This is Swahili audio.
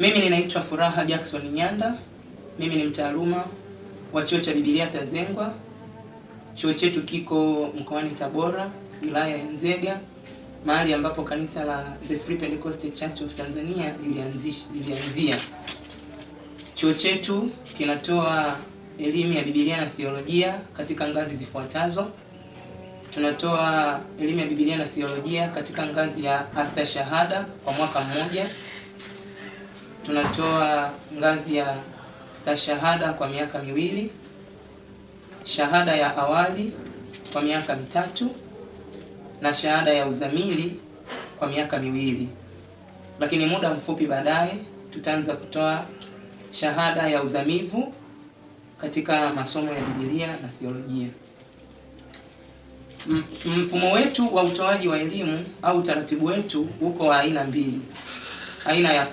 Mimi ninaitwa Furaha Jackson Nyanda. Mimi ni mtaaluma wa chuo cha Biblia Tazengwa. Chuo chetu kiko mkoani Tabora, wilaya ya Nzega, mahali ambapo kanisa la The Free Pentecost Church of Tanzania lilianzia. Chuo chetu kinatoa elimu ya Biblia na theolojia katika ngazi zifuatazo. Tunatoa elimu ya Biblia na theolojia katika ngazi ya astashahada kwa mwaka mmoja tunatoa ngazi ya stashahada kwa miaka miwili, shahada ya awali kwa miaka mitatu na shahada ya uzamili kwa miaka miwili, lakini muda mfupi baadaye tutaanza kutoa shahada ya uzamivu katika masomo ya Biblia na theolojia. Mfumo wetu wa utoaji wa elimu au utaratibu wetu uko wa aina mbili. Aina ya kwanza